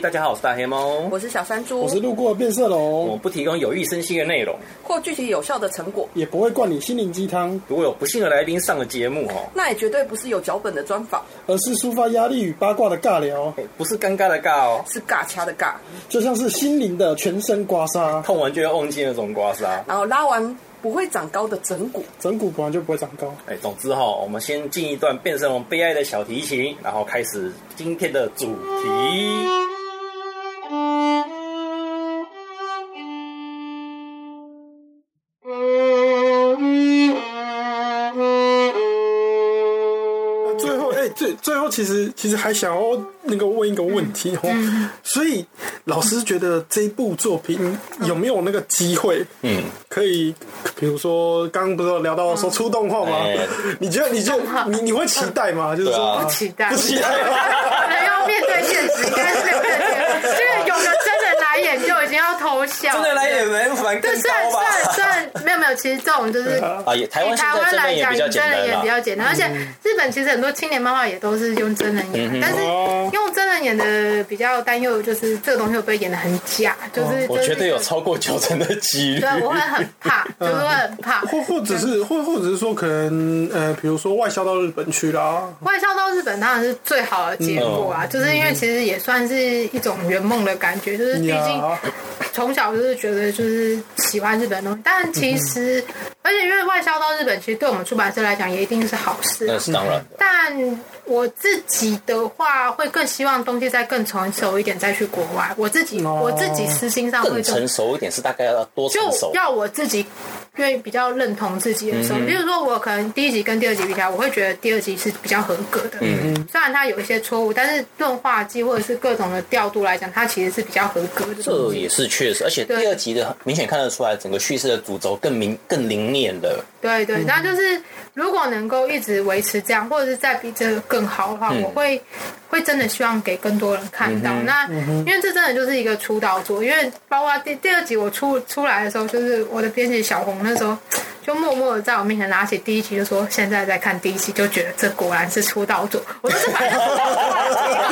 大家好，我是大黑貓，我是小山豬，我是路過的變色龍。我們不提供有益身心的內容，或具體有效的成果，也不會灌你心靈雞湯。如果有不幸的來賓上了節目哦，那也絕對不是有腳本的專訪，而是抒發壓力與八卦的尬聊，哎，不是尷尬的尬哦，是尬掐的尬。就像是心靈的全身刮痧，痛完就要忘記那種刮痧，然後拉完不會長高的整骨，整骨本來就不會長高。哎，總之哈，我們先進一段變色龍悲哀的小提琴，然後開始今天的主題。最後，其實其實還想要那個問一個問題哦、喔，嗯嗯、所以老師覺得這一部作品有沒有那個機會？嗯，可以，比如說剛剛不是有聊到說出動畫嗎？你覺得你就你你會期待嗎？嗯、就是說、啊、期不期待，不期待。可能要面對現實，應該是。偷笑，真的來演人反？算算算，沒有沒有，其實這種就是啊，台灣這邊來講，真人演比較簡單，而且日本其實很多青年漫畫也都是用真人演，但是用真人演的比較擔憂，就是這個東西會不會演得很假？就是我覺得有超過九成的幾率對，我會很怕，就會很怕，或或者是或或者是說可能呃，比如說外銷到日本去啦，外銷到日本當然是最好的結果啊，就是因為其實也算是一種圓夢的感覺，就是畢竟。從小就是覺得就是喜歡日本東西，但其實，嗯哼，而且因為外銷到日本，其實對我們出版社來講也一定是好事。那是當然。但我自己的話，會更希望東西再更成熟一點再去國外。我自己，oh, 我自己私心上會更成熟一點，是大概要多成熟？就要我自己，對，比較認同自己的時候，嗯嗯，比如說我可能第一集跟第二集比起來，我會覺得第二集是比較合格的。嗯嗯，雖然它有一些錯誤，但是論畫技或者是各種的調度來講，它其實是比較合格的。這也是確實，而且第二集的明顯看得出來，對整個敘事的主軸更明、更凝練的。對對，那就是如果能夠一直維持這樣，或者是再比這個更好的話，我會會真的希望給更多人看到。嗯、哼那因為這真的就是一個出道作，因為包括第第二集我出出來的時候，就是我的編輯小紅那時候就默默的在我面前拿起第一集，就說，現在在看第一集，就覺得這果然是出道作。那 你幹嘛？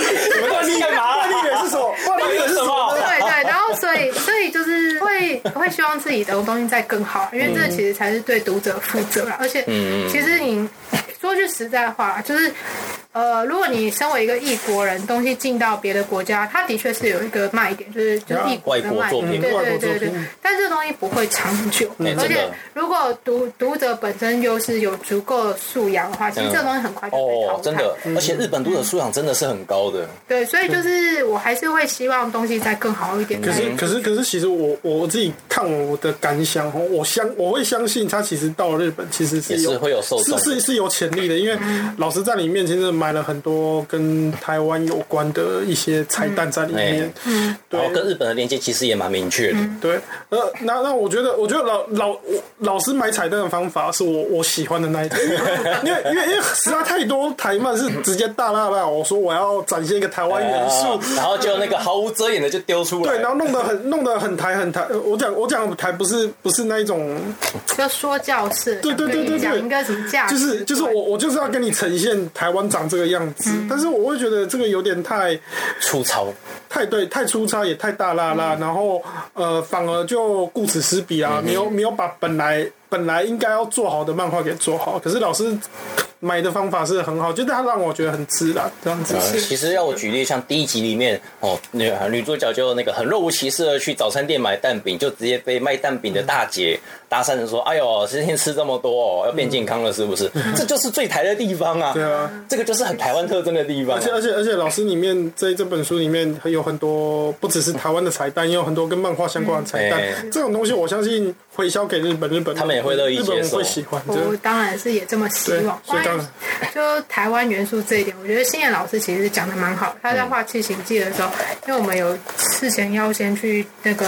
你演 是什麼？那你演是什麼？對對，對，然後所以。我 會希望自己的東西再更好，因為這其實才是對讀者負責。嗯，而且，其實你說句實在話，就是。呃，如果你身為一個異國人，東西進到別的國家，它的確是有一個賣點，就是就是外國作品，對對對對。但這個東西不會長久，嗯、而且如果讀讀者本身又是有足夠素養的話，嗯、其實這個東西很快就被淘汰，嗯哦。真的，嗯、而且日本讀者素養真的是很高的。對，所以就是我還是會希望東西再更好一點，可。可是可是可是，其實我我自己看我的感想，我相我會相信它其實到了日本其實是有也是會有受的是是是有潛力的，因為老師在你面前是買了很多跟台灣有關的一些彩蛋在裡面，然後、嗯欸、對跟日本的連接其實也蠻明確的、嗯。對，呃、那那我覺得，我覺得老老我老師買彩蛋的方法是我我喜歡的那一種， 因為因為因為實在太多台漫，是直接大剌剌，我說我要展現一個台灣元素，然後就那個毫無遮掩的就丟出來了，對，然後弄得很弄得很台很台，我講我講台不是不是那一種要說教式，對對對對對，應該怎麼講，就是就是我我就是要跟你呈現台灣長。這個樣子，嗯、但是我會覺得這個有點太粗糙，太對，太粗糙也太大啦啦，嗯、然後呃反而就顧此失彼啊，嗯、沒有沒有把本來本來應該要做好的漫畫給做好。可是老師買的方法是很好，就是他讓我覺得很自然這樣子、呃。其實要我舉例，像第一集裡面哦女，女主角就那個很若無其事的去早餐店買蛋餅，就直接被賣蛋餅的大姐。嗯搭訕的說：“哎呦，今天吃這麼多，哦，要變健康了，是不是？嗯、這就是最台的地方啊！對啊，嗯、這個就是很台灣特徵的地方，啊。而且，而且，而且，老師裡面這這本書裡面有很多，不只是台灣的彩蛋，也有很多跟漫畫相關的彩蛋。嗯欸、這種東西，我相信回銷給日本，日本人他們也會樂意接受。日本人會喜歡。我當然是也這麼希望。對所以剛剛，當然，就台灣元素這一點，我覺得星野老師其實講得蠻好。嗯、他在畫《七行記》的時候，因為我們有。”之前要先去那個，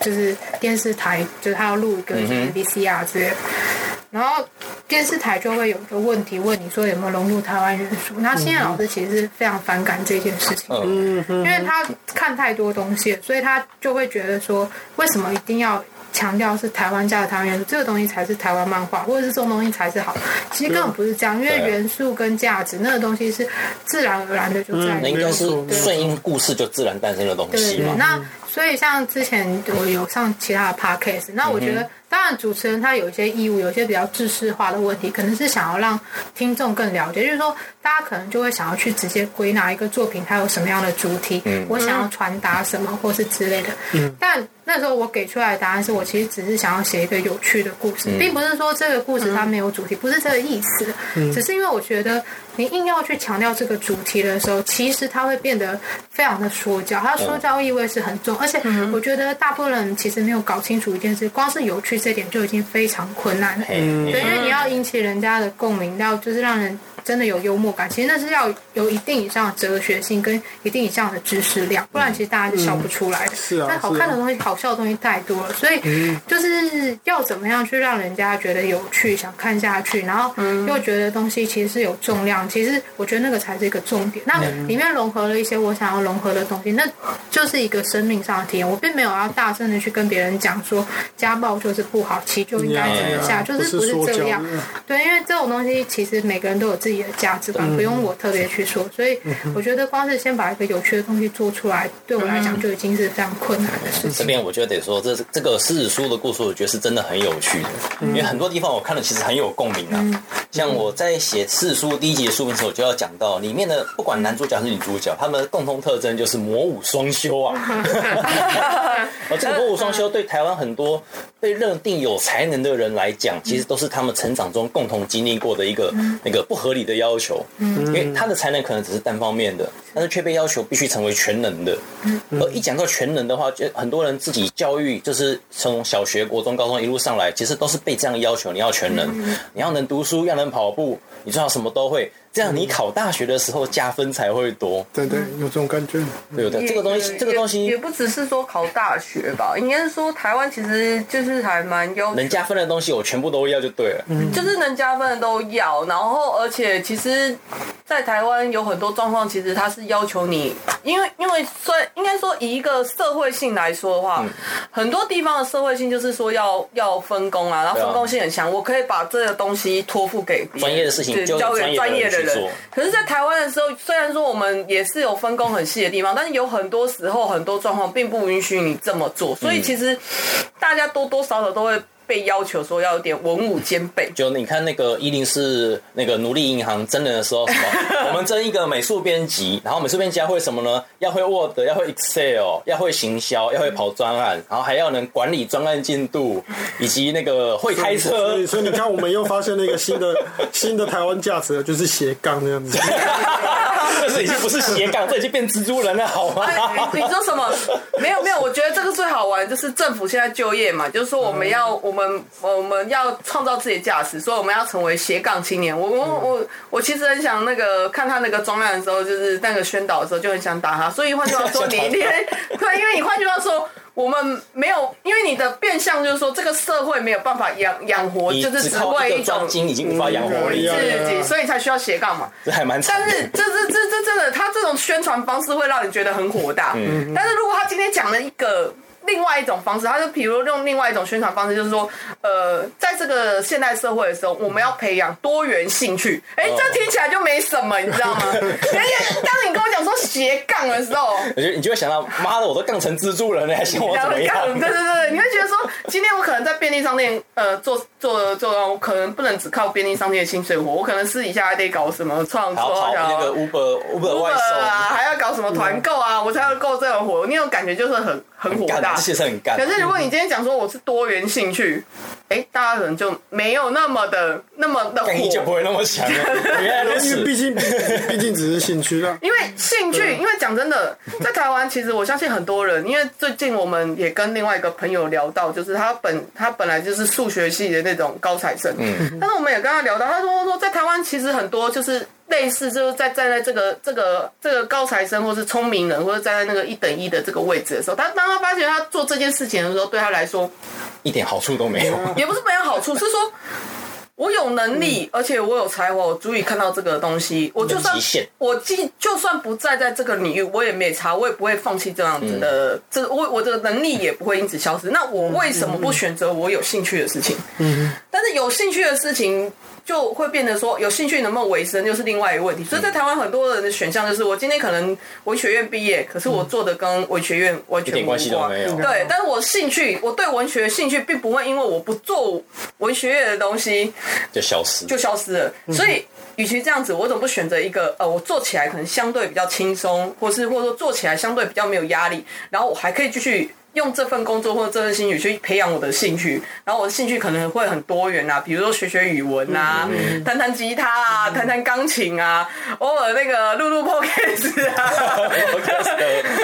就是電視台，就是他要錄一個 VCR 之類的，嗯、哼然後電視台就會有一個問題問你說，有沒有融入台灣元素。那新燕老師其實是非常反感這件事情的，嗯、哼因為他看太多東西，所以他就會覺得說，為什麼一定要？強調是台灣家的台灣元素？這個東西才是台灣漫畫，或者是這種東西才是好。其實根本不是這樣，因為元素跟價值那個東西是自然而然的就這樣，嗯。那應該是順應故事就自然誕生的東西嘛。對對對，那。所以，像之前我有上其他的 podcast，那我覺得，當然主持人他有一些義務，有一些比較知識化的問題，可能是想要讓聽眾更了解。就是說，大家可能就會想要去直接歸納一個作品它有什麼樣的主題，嗯、我想要傳達什麼，嗯、或是之類的。但那時候我給出來的答案是我其實只是想要寫一個有趣的故事，並不是說這個故事它沒有主題，不是這個意思。只是因為我覺得，你硬要去強調這個主題的時候，其實它會變得非常的說教，它說教意味是很重。而且我覺得大部分人其實沒有搞清楚一件事，光是有趣這點就已經非常困難了。對、嗯、因為你要引起人家的共鳴，要就是讓人。真的有幽默感，其實那是要有一定以上的哲學性跟一定以上的知識量，不然其實大家就笑不出來的，嗯嗯。是啊，但好看的東西、啊、好笑的東西太多了，所以就是要怎麼樣去讓人家覺得有趣，想看下去，然後又覺得東西其實是有重量。嗯、其實我覺得那個才是一個重點。那裡面融合了一些我想要融合的東西，那就是一個生命上的體驗。我並沒有要大聲的去跟別人講說家暴就是不好，其實就應該怎麼下，嗯嗯、就是不是這樣。對，因為這種東西其實每個人都有自己。自己的價值觀不用我特別去說，嗯、所以我覺得光是先把一個有趣的東西做出來，嗯、對我來講就已經是非常困難的事情。嗯、這邊我覺得得說，這這個獅子書的故事，我覺得是真的很有趣的，嗯、因為很多地方我看了其實很有共鳴啊。嗯、像我在寫獅子書第一集的書名的時候，就要講到裡面的不管男主角還是女主角，他們的共同特徵就是魔武雙修啊。啊， 啊，這個魔武雙修對台灣很多被認定有才能的人來講，其實都是他們成長中共同經歷過的一個、嗯、那個不合理的要求，因為他的才能可能只是單方面的，但是卻被要求必須成為全能的。嗯，而一講到全能的話，就很多人自己教育就是從小學、國中、高中一路上來，其實都是被這樣要求：你要全能，你要能讀書，要能跑步，你最好什麼都會。這樣你考大學的時候加分才會多、嗯，對對，有這種感覺，對、嗯、對，對對這個東西，這個東西也,也不只是說考大學吧， 應該是說台灣其實就是還蠻優。能加分的東西我全部都要就對了，嗯，就是能加分的都要，然後而且其實，在台灣有很多狀況，其實他是要求你，因為因為所應該說以一個社會性來說的話，嗯、很多地方的社會性就是說要要分工啊，然後分工性很強，對啊、我可以把這個東西托付給專業的事情交給對專業的人。沒錯，可是，在台灣的時候，雖然說我們也是有分工很細的地方，但是有很多時候，很多狀況並不允許你這麼做，所以其實大家多多少少都會。被要求說要有點文武兼備，就你看那個104是那個奴隸銀行徵人的，的時候，什麼？ 我們徵一個美術編輯，然後美術編輯要會什麼呢？要會 Word，要會 Excel，要會行銷，要會跑專案，然後還要能管理專案進度，以及那個會開車。所以，所以你看，我們又發現那個新的 新的台灣價值，就是斜槓那樣子。這 已經不是斜槓，這已經變蜘蛛人了，好嗎？哎、你說什麼？ 沒有沒有，我覺得這個最好玩，就是政府現在就業嘛，就是說我們要我們。嗯我們我們要創造自己的價值，所以我們要成為斜槓青年。我、嗯、我我我其實很想那個看他那個裝嫩的時候，就是那個宣導的時候，就很想打他。所以換句話說你連，你你 對，因為你換句話說，我們沒有，因為你的變相就是說，這個社會沒有辦法養養活，你就是只靠一種一已經無法養活、嗯嗯、自己，所以才需要斜槓嘛。這還蠻慘，但是這這這這真的，他這種宣傳方式會讓你覺得很火大。嗯、但是如果他今天講了一個。另外一種方式，他就比如用另外一種宣傳方式，就是說，呃，在這個現代社會的時候，我們要培養多元興趣。哎、欸，這聽起來就沒什麼，你知道嗎？ 因為當你跟我講說斜槓的時候，你就你就會想到，媽的，我都槓成蜘蛛人了，還想我怎麼樣？對對對，你會覺得說，今天我可能在便利商店呃做。做的做的，我可能不能只靠便利商店的清水活，我可能私底下還得搞什麼創作呀，Uber、Uber 啊，還要搞什麼團購啊？嗯、我才要夠這種活，那種感覺就是很很火大，很幹，其實很幹，可是如果你今天講說我是多元興趣。嗯哎，大家可能就沒有那麼的、那麼的火，就不會那麼強了。因為畢竟、畢竟只是興趣。因為興趣， 因為講真的，在台灣，其實我相信很多人，因為最近我們也跟另外一個朋友聊到，就是他本他本來就是數學系的那種高材生。嗯，但是我們也跟他聊到，他說說在台灣其實很多就是。類似就是在站在這個這個這個高材生，或是聰明人，或者站在那個一等一的這個位置的時候，但當他發現他做這件事情的時候，對他來說一點好處都沒有，也不是沒有好處，是說我有能力，嗯、而且我有才華，我足以看到這個東西。我就算我既就算不在在這個領域，我也沒差，我也不會放棄這樣子的，嗯、這我我這個能力也不會因此消失。那我為什麼不選擇我有興趣的事情？嗯，嗯，但是有興趣的事情。就會變得說有興趣能不能維生，就是另外一個問題。所以在台灣很多人的選項就是我今天可能文學院畢業，可是我做的跟文學院完全文學院一點關係都沒有。對，但是我興趣我對文學興趣並不會因為我不做文學院的東西就消失，就消失了。所以與其這樣子，我怎麼不選擇一個呃，我做起來可能相對比較輕鬆，或是或者說做起來相對比較沒有壓力，然後我還可以繼續。用這份工作或者這份薪水去培養我的興趣，然後我的興趣可能會很多元啊，比如說學學語文啊，嗯嗯、彈彈吉他啊，嗯、彈彈鋼琴啊，偶爾那個錄錄 podcast 啊，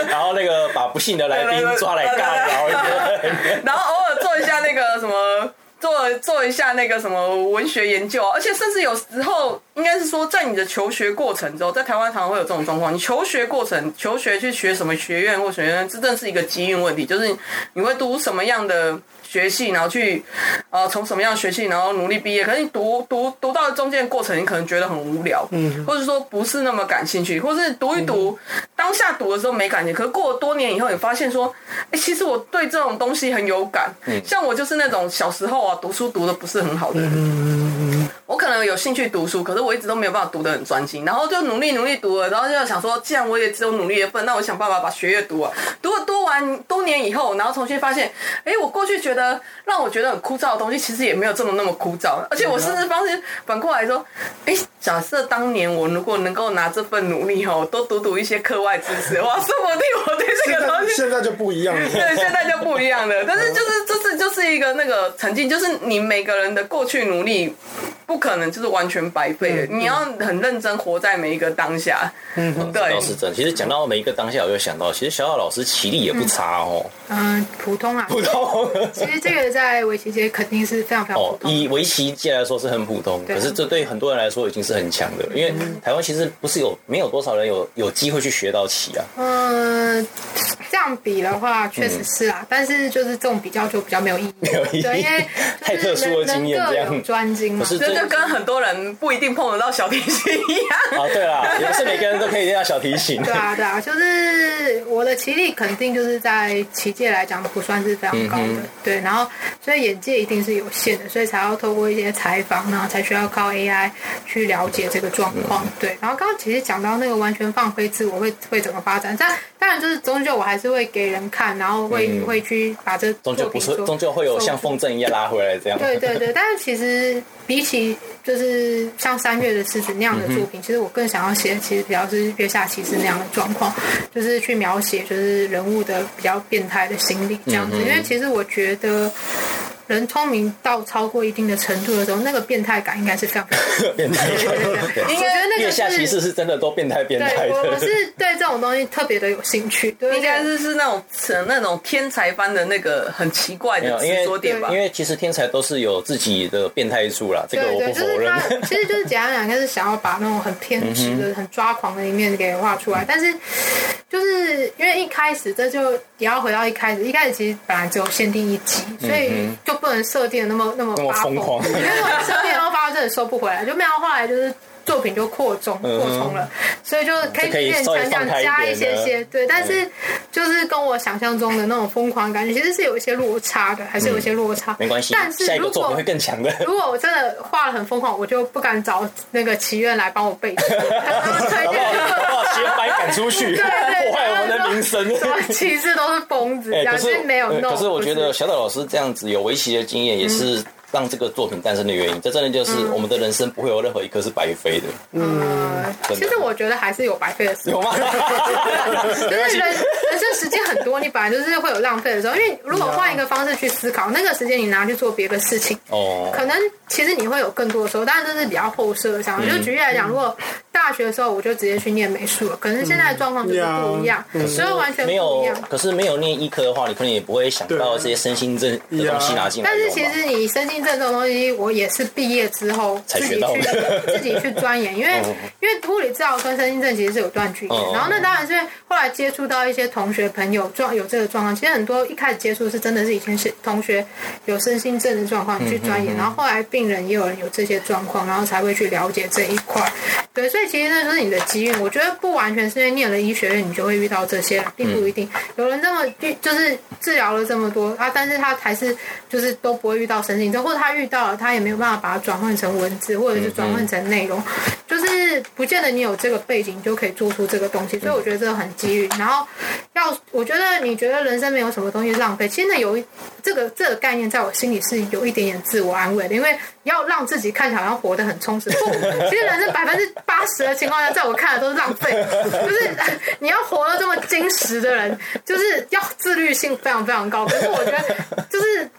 然後那個把不幸的來賓抓來尬聊 然後偶爾做一下那個什麼，做做一下那個什麼文學研究，而且甚至有時候。應該是說，在你的求學過程之後，在台灣常常會有這種狀況。你求學過程，求學去學什麼學院或什麼學院，這正是一個機運問題，就是你會讀什麼樣的學系，然後去、呃、從什麼樣的學系，然後努力畢業。可是你讀讀讀到中間過程，你可能覺得很無聊，嗯，或者說不是那麼感興趣，或者是讀一讀當下讀的時候沒感覺，可是過了多年以後，你發現說，哎、欸，其實我對這種東西很有感。像我就是那種小時候啊，讀書讀的不是很好的人。嗯我可能有興趣讀書，可是我一直都沒有辦法讀得很專心，然後就努力努力讀了，然後就想說，既然我也只有努力的份，那我想辦法把學業讀啊。」讀了讀完，多年以後，然後重新發現，哎，我過去覺得讓我覺得很枯燥的東西，其實也沒有這麼那麼枯燥，而且我甚至當時反過來說，哎，假設當年我如果能夠拿這份努力哦，多讀讀一些課外知識，哇，說不定我對這個東西現在，現在就不一樣了，對，現在就不一樣了，但是就是就是就是一個那個沉浸，就是你每個人的過去努力。不可能就是完全白費，嗯、你要很認真活在每一個當下。嗯，對，倒、嗯、是真的。其實講到每一個當下，我就想到，其實小小老師棋力也不差哦。嗯。嗯，普通啊。普通其。其實這個在圍棋界肯定是非常非常。哦，以圍棋界來說是很普通，對可是這對很多人來說已經是很強的，因為台灣其實不是有沒有多少人有有機會去學到棋啊。嗯。這樣比的話，確實是啊。嗯、但是就是這種比較就比較沒有意義，沒有意義，因為就是太特殊的經驗，這樣專精嘛、啊，真的是跟很多人不一定碰得到小提琴一樣對 啊。對啊，也不是每個人都可以練小提琴。 對啊，對啊，就是我的棋力肯定就是在棋界來講不算是非常高的。嗯、哼對，然後所以眼界一定是有限的，所以才要透過一些採訪、啊，然後才需要靠 AI 去了解這個狀況。對，然後剛剛其實講到那個完全放飛自我會會怎麼發展，但當然就是終究我還是。是會給人看，然後會、嗯、會去把這作品終究不是，終究會有像風箏一樣拉回來這樣。 對對對，但是其實比起就是像三月的獅子那樣的作品，嗯、哼其實我更想要寫，其實主要是月下騎士那樣的狀況，嗯、就是去描寫就是人物的比較變態的心理這樣子，嗯、哼因為其實我覺得。人聰明到超過一定的程度的時候，那個變態感應該是這樣。變態，感，因為那個月下騎士是真的都變態，變態。我是對這種東西特別的有興趣，應該是是那種成那種天才般的那個很奇怪的點吧。因為其實天才都是有自己的變態處啦，這個我不否認。其實就是簡單講兩個是想要把那種很偏執的、很抓狂的一面給畫出來，但是就是因為一開始這就也要回到一開始，一開始其實本來只有限定一集，所以就。能設定那麼那麼瘋狂， 因為設定都發到真的收不回來， 就沒有話後來就是。作品就擴充擴充了，所以就可以想想加一些些，對。但是就是跟我想象中的那種瘋狂感覺，其實是有一些落差的，還是有一些落差。沒關係，但是下一個作品會更強的。如果我真的畫得很瘋狂，我就不敢找那個棋院來幫我背，把黑白趕出去，破壞我們的名聲。其實都是瘋子，但是沒有弄。可是我覺得小島老師這樣子有圍棋的經驗，也是。讓這個作品誕生的原因。這真的就是我們的人生不會有任何一刻是白費的。嗯，真的。其實我覺得還是有白費的，有嗎？這時間很多，你本來就是會有浪費的時候，因為如果換一個方式去思考，那個時間你拿去做別的事情，哦，可能其實你會有更多的時候。當然這是比較後設的想法。就舉例來講，如果大學的時候我就直接去念美術了，可能現在的狀況就是不一樣，所以完全沒有。可是沒有念醫科的話，你可能也不會想到這些身心症的東西拿進來。但是其實你身心症這種東西，我也是畢業之後才學到，自己去鑽研，因為因為物理治療跟身心症其實是有斷距。然後那當然是後來接觸到一些同。同學朋友狀有這個狀況，其實很多一開始接觸是真的是以前是同學有身心症的狀況去鑽研，嗯、哼哼然後後來病人也有人有這些狀況，然後才會去了解這一塊。對，所以其實那就是你的機遇。我覺得不完全是因為念了醫學院，你就會遇到這些，並不一定。嗯、有人這麼遇，就是治療了這麼多啊，但是他還是就是都不會遇到神經症，或者他遇到了，他也沒有辦法把它轉換成文字，或者是轉換成內容，嗯、就是不見得你有這個背景就可以做出這個東西。所以我覺得這個很機遇。嗯、然後要，我覺得你覺得人生沒有什麼東西浪費，其實呢，有一這個這個概念，在我心裡是有一點點自我安慰的，因為。要讓自己看起來好像活得很充實，不，其實人生百分之八十的情況下，在我看來都是浪費，不、就是。 你要活得這麼精實的人，就是要自律性非常非常高。可是我覺得，就是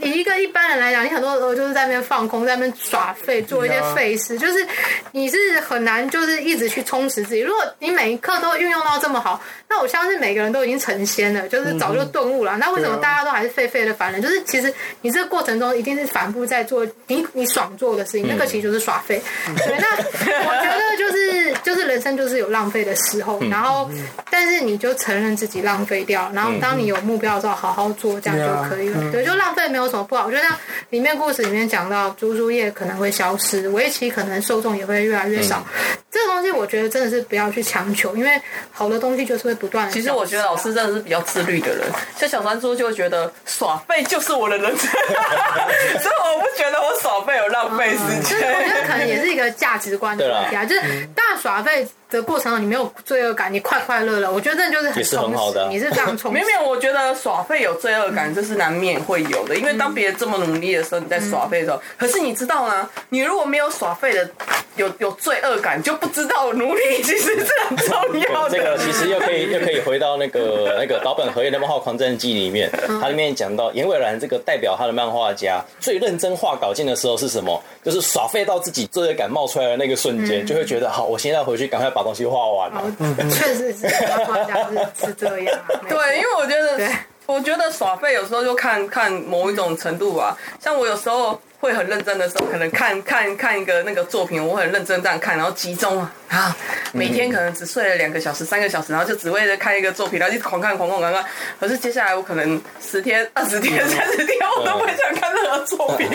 以一個一般人來講，你很多時候就是在那邊放空，在那邊耍廢，做一些廢事，就是你是很難就是一直去充實自己。如果你每一刻都運用到這麼好，那我相信每個人都已經成仙了，就是早就頓悟了。那為什麼大家都還是廢廢的凡人？就是其實你這個過程中一定是反覆在做你你爽做的事情，那個其實就是耍廢。對，那我覺得就是就是人生就是有浪費的時候，然後。嗯、但是你就承認自己浪費掉，然後當你有目標的時候，好好做、嗯、這樣就可以了。嗯、對，就浪費沒有什麼不好。我覺得像裡面故事裡面講到，豬豬夜可能會消失，圍棋可能受眾也會越來越少。嗯這東西我覺得真的是不要去強求，因為好的東西就是會不斷、啊。其實我覺得老師真的是比較自律的人，像小山豬就覺得耍廢就是我的人生，所以我不覺得我耍廢有浪費時間。我覺得可能也是一個價值觀的問題啊，啦就是、嗯、大耍廢的過程中你沒有罪惡感，你快快樂樂，我覺得這就是很充實是很好的、啊，你是這樣充實。沒有沒有，我覺得耍廢有罪惡感、嗯、這是難免會有的，因為當別人這麼努力的時候，你在耍廢的時候，嗯、可是你知道嗎？你如果沒有耍廢的有有罪惡感，就不。知道我努力其實是很重要的。 這個其實又可以又可以回到那個那個島本和彥的漫畫《狂戰記》裡面，它 裡面講到炎尾燃這個代表他的漫畫家最認真畫稿件的時候是什麼？就是耍廢到自己罪惡感冒出來的那個瞬間，就會覺得好，我現在回去趕快把東西畫完，啊。嗯、 確實是漫畫家是是這樣，啊、 對，因為我覺得。我覺得耍廢有時候就看看某一種程度吧，像我有時候會很認真的時候，可能看看看一個那個作品，我很認真這樣看，然後集中啊，啊，每天可能只睡了兩個小時、三個小時，然後就只為了看一個作品，然後就狂看、狂看、狂看。可是接下來我可能十天、二十天、三十天，我都不想看任何作品。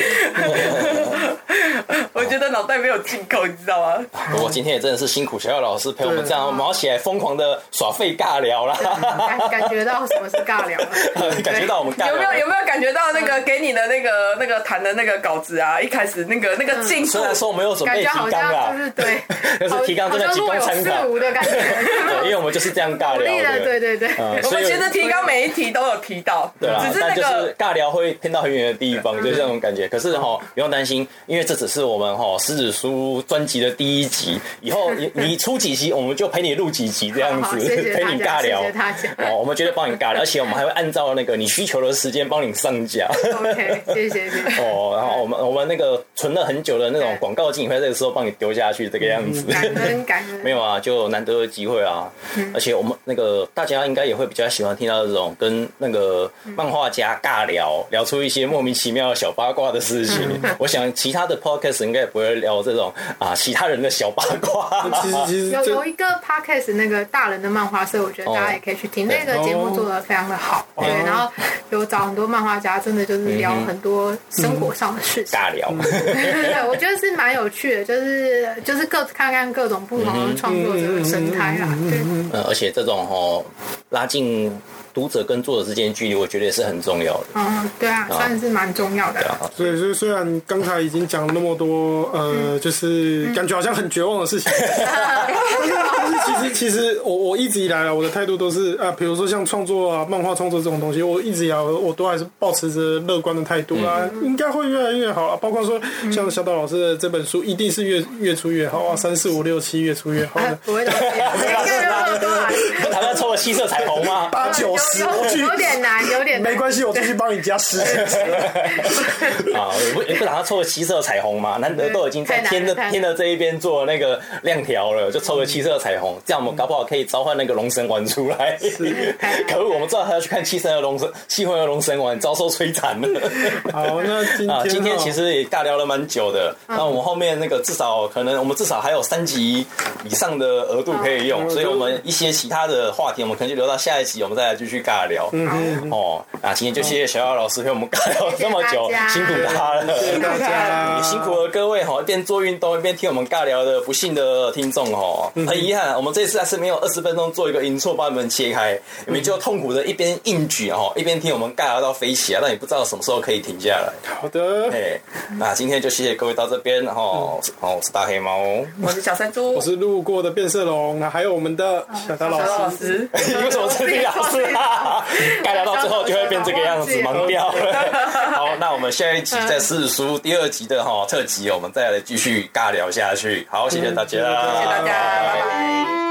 但沒有進口，你知道嗎？我今天也真的是辛苦學校老師陪我們這樣毛起來瘋狂的耍廢尬聊啦，感覺到什麼是尬聊？感覺到我們尬聊有沒有，有沒有感覺到那個給你的那個那個談的那個稿子啊？一開始那個那個進，雖然說我們有準備提綱啊，對，但是提綱真的僅供參考，對，因為我們就是這樣尬聊的，對對對，我們其實提綱每一題都有提到，對啊，但就是尬聊會偏到很遠的地方，就是這種感覺。可是哈，不用擔心，因為這只是我們哈。《獅子書》專輯的第一集，以後你你出幾集，我們就陪你錄幾集這樣子， 好好謝謝陪你尬聊。謝謝哦，我們絕對幫你尬聊， 而且我們還會按照那個你需求的時間幫你上架。 OK，謝謝謝哦，然後我們 我們那個存了很久的那種廣告經費，在這個時候幫你丟下去，這個樣子，感、嗯、感恩。感恩沒有啊，就難得的機會啊，嗯、而且我們那個大家應該也會比較喜歡聽到這種跟那個漫畫家尬聊，嗯、聊出一些莫名其妙的小八卦的事情。嗯、我想其他的 Podcast 應該也不會。聊這種啊，其他人的小八卦。其實其實有有一個 podcast 那個大人的漫畫社，我覺得大家也可以去聽，那個節目做得非常的好。Oh. Oh. 對，然後有找很多漫畫家，真的就是聊很多生活上的事情。尬聊 對，我覺得是蠻有趣的，就是就是各看看各種不同的創作者的生態啦。對、呃，而且這種吼，拉近。讀者跟作者之間距離，我覺得也是很重要的。嗯，對啊，算是蠻重要的。對，所以雖然剛才已經講了那麼多，呃，嗯、就是感覺好像很絕望的事情。嗯嗯、其實，其實我我一直以來我的態度都是啊，比如說像創作啊，漫畫創作這種東西，我一直以來我都還是抱持着樂觀的態度啊，嗯、應該會越來越好。啊。包括說像小島老師的這本書，一定是越越出越好啊，三四五六七越出越好的。的、啊，不會 的。要抽個七色彩虹嗎？八九十、嗯，有有，有點難，有點難沒關係，我再去幫你加十級。啊對， 也不，你不打算抽個七色彩虹嗎？難得都已經在天的、嗯、天的這一邊做了那個亮條了，就抽個七色彩虹，嗯、這樣我們搞不好可以召喚那個龍神丸出來。是，可是我們知道他要去看七色的龍神，七魂的龍神丸遭受摧殘了。好，那啊，今天其實也尬聊了蠻久的。嗯、那我們後面那個至少可能，我們至少還有三集以上的額度可以用，嗯、所以我們一些其他的。的話題我們可能就留到下一集，我們再來繼續尬聊。嗯哼哦，那今天就謝謝小雅老師陪我們尬聊了這麼久，辛苦他了，謝謝大家，也辛苦了各位哈，一邊做運動一邊聽我們尬聊的不幸的聽眾哈，很遺憾，我們這次還是沒有二十分鐘做一個音錯把你們切開，你們就痛苦的一邊硬舉哈，一邊聽我們尬聊到飛起啊，讓你不知道什麼時候可以停下來。好的，哎，那今天就謝謝各位到這邊哈，好、哦，嗯、我是大黑貓，我是小山豬，我是路過的變色龍，那還有我們的小雅老師。嗯、 你為什麼是老師啊？尬端 聊到最後就會變這個樣子， 忙掉了。好，那我們下一集在四書第二集的哈特輯，我們再來繼續尬聊下去。好，謝謝大家，嗯嗯、謝謝大家，拜拜。拜拜。